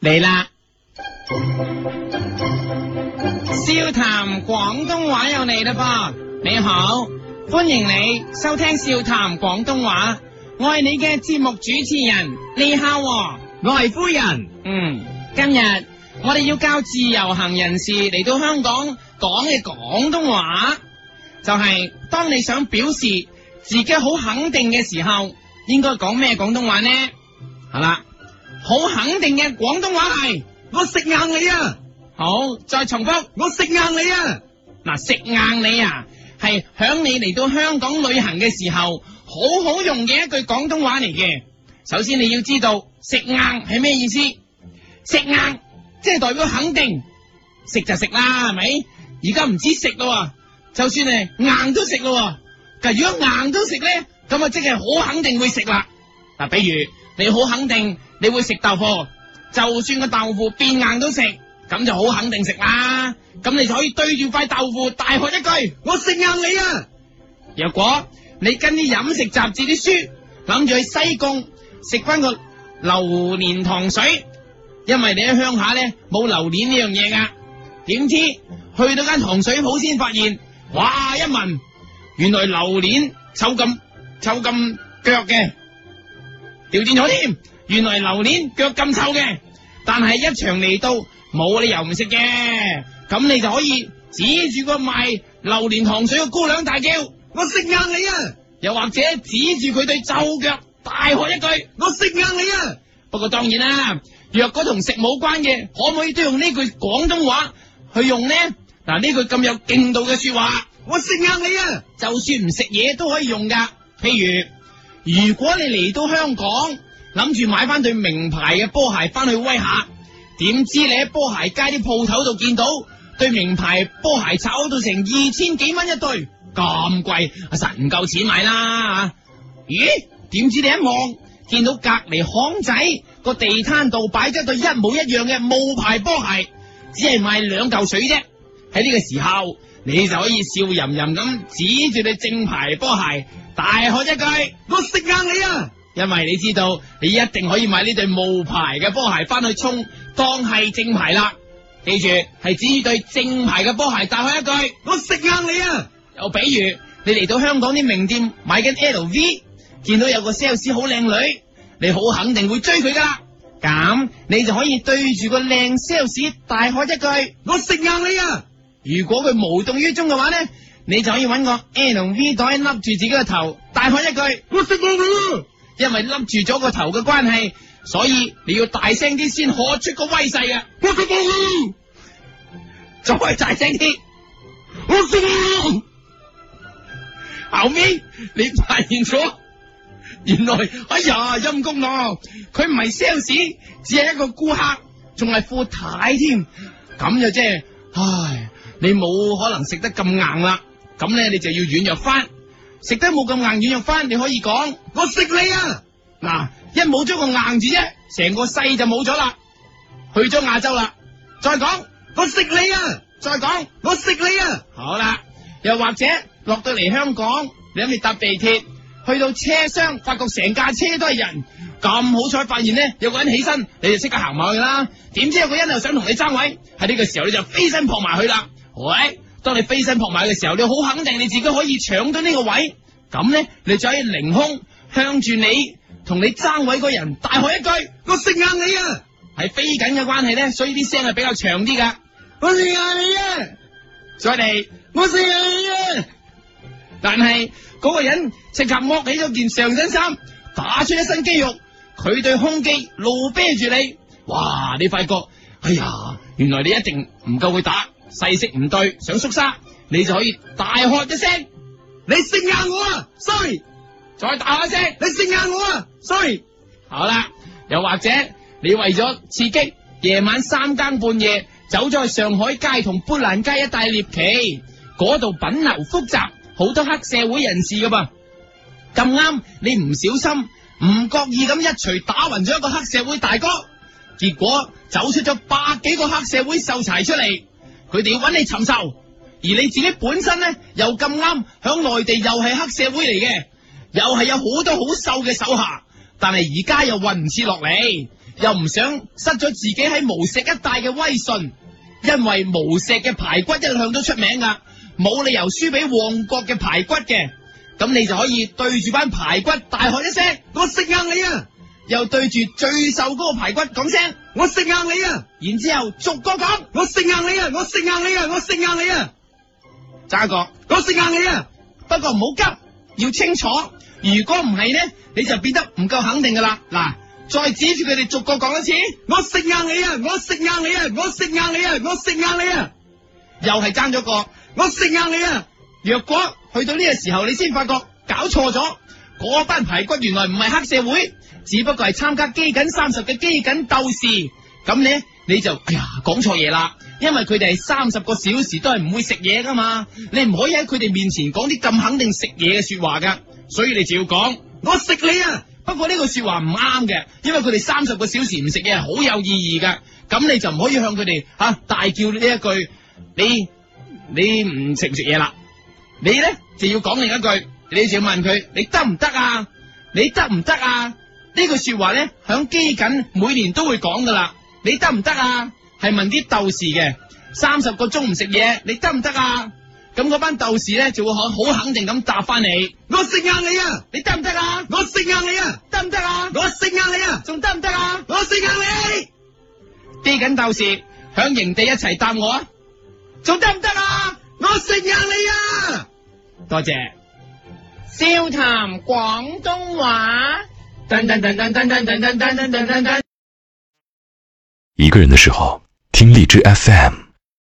嚟啦！笑談廣東話又嚟啦噃，你好，歡迎你收聽笑談廣東話，我係你嘅節目主持人李孝和，我係夫人。嗯，今日我哋要教自由行人士嚟到香港講嘅廣東話，就係當你想表示自己好肯定嘅時候，應該講咩廣東話呢？好啦。好肯定嘅廣東話係，我食硬你啊！好，再重複，我食硬你啊！嗱、啊，食硬你啊，係響你嚟到香港旅行嘅時候，好好用嘅一句廣東話嚟嘅。首先你要知道食硬係咩意思？食硬即係代表肯定食就食啦，係咪？而家唔止食咯，就算係硬都食咯。嗱，如果硬都食咧，咁啊即係好肯定會食啦。嗱、啊，比如你好肯定。你會食豆腐，就算個豆腐變硬都食，咁就好肯定食啦。咁你就可以對住塊豆腐大喝一句：我食硬你啊！如果你跟啲飲食雜誌啲書，諗住去西貢食返個榴蓮糖水，因為你喺鄉下咧冇榴蓮呢樣嘢噶，點知去到間糖水鋪先發現，哇！一聞原來榴蓮臭咁臭咁腳嘅，調轉咗添。原來榴蓮腳咁臭嘅，但係一場嚟到冇理由唔食嘅，咁你就可以指住個賣榴蓮糖水嘅姑娘大叫：我食硬你啊！又或者指住佢對臭腳大喝一句：我食硬你啊！不過當然啦，若果同食冇關嘅，可唔可以都用呢句廣東話去用呢？嗱、啊，呢句咁有勁度嘅說話，我食硬你啊！就算唔食嘢都可以用噶。譬如如果你嚟到香港。諗住買翻對名牌嘅波鞋翻去威下，點知你喺波鞋街啲鋪頭度見到對名牌波鞋炒到成二千幾蚊一對，咁貴，神唔夠錢買啦？咦？點知你一望見到隔籬巷仔個地攤度擺咗對一模一樣嘅冒牌波鞋，只係賣兩嚿水啫。喺呢個時候，你就可以笑吟吟咁指住你正牌波鞋，大喝一句：「我食硬你啊！」因為你知道你一定可以買呢對冒牌嘅波鞋翻去冲，當係正牌啦。記住係只對正牌嘅波鞋，大喝一句我食硬你啊！又比如你嚟到香港啲名店買緊 L V，見到有個 sales 好靚女，你好肯定會追佢噶啦。咁你就可以對住個靚 sales 大喝一句我食硬你啊！如果佢無動於衷嘅話呢，你就可以揾個 L V 袋笠住自己個頭，大喝一句我食硬你啊！」因為笠住咗個頭嘅關係，所以你要大聲啲先可出個威勢啊！再大聲啲，我聲後尾你發現咗，原來哎呀陰公咯，佢唔係 sales，只係一個顧客，仲係富太添，咁就即係，唉，你冇可能食得咁硬啦，咁咧你就要軟弱翻。食得冇咁硬軟肉翻，你可以講我食你啊！嗱，啊，一冇咗個硬字啫，成個勢就冇咗啦，去咗亞洲啦，再講我食你啊，再講我食你啊，好啦，又或者落到嚟香港，你諗住搭地鐵，去到車廂，發覺成架車都係人，咁好彩發現呢，有個人起身，你就即刻行埋去啦。點知有個人又想同你爭位，喺呢個時候你就飛身撲埋去啦，喂！當你飛身撲埋嘅時候，你好肯定你自己可以搶到呢個位，咁咧你就可以凌空向住你同你爭位嗰人大喝一句：我食硬你啊！係飛緊嘅關係咧，所以啲聲係比較長啲噶。我食硬你啊！再嚟，我食硬你啊！但係嗰、那個人即刻剝起咗件上身衫，打出一身肌肉，佢對胸肌露啤住你。哇！你發覺，哎呀，原來你一定唔夠佢打。勢色唔對，想縮沙，你就可以大喝一聲， 你食硬我啊，衰，再大一聲， 你食硬我啊，衰。好啦，又或者你為咗刺激，夜晚三更半夜走咗去上海街同砵蘭街一帶獵奇，嗰度 品流複雜，好多黑社會人士噶噃。咁啱你唔小心，唔覺意咁一錘打暈咗一個黑社會大哥，結果走出咗百幾個黑社會秀才出嚟。佢哋要揾你尋仇，而你自己本身呢，又咁啱響內地，又係黑社會嚟嘅，又係有好多好瘦嘅手下，但係而家又混唔切落嚟，又唔想失咗自己喺無錫一帶嘅威信，因為無錫嘅排骨一向都出名噶，冇理由輸俾旺角嘅排骨嘅，咁你就可以對住班排骨大喝一聲：我食硬你啊！又對住最瘦嗰個排骨講聲。我食硬你啊！然之後逐個講，我食硬你啊！我食硬你啊！我食硬你啊！爭一個，我食硬你啊！不過唔好急，要清楚。如果唔係咧，你就變得唔夠肯定噶啦。嗱，再指住佢哋逐個講一次，我食硬你啊！我食硬你啊！我食硬你啊！我食硬你啊！又係爭咗個，我食硬你啊！若果去到呢個時候，你先發覺搞錯咗。嗰班排骨原來唔係黑社會，只不過係參加飢饉三十嘅飢饉鬥士。咁你你就哎呀，講錯嘢啦，因為佢哋係三十個小時都係唔會食嘢噶嘛，你唔可以喺佢哋面前講啲咁肯定食嘢嘅說話噶。所以你就要講，我食你呀！不過呢句說話唔啱嘅，因為佢哋三十個小時唔食嘢係好有意義噶。咁你就唔可以向佢哋吓大叫呢一句，你你唔食唔食嘢啦。你呢就要講另一句。你就要問佢，你得唔得啊？你得唔得啊？呢句說話咧，響饑饉每年都會講噶啦。你得唔得啊？係問啲鬥士嘅，三十個鐘唔食嘢，你得唔得啊？咁嗰班鬥士咧就會好好肯定咁答翻你，我食硬你啊！你得唔得啊？我食硬你啊？得唔得啊？我食硬你啊？仲得唔得啊？我食硬你。饑饉鬥士響營地一齊答我，仲得唔得啊？我食硬你啊！多謝。笑談廣東話。一個人的時候，聽荔枝 FM。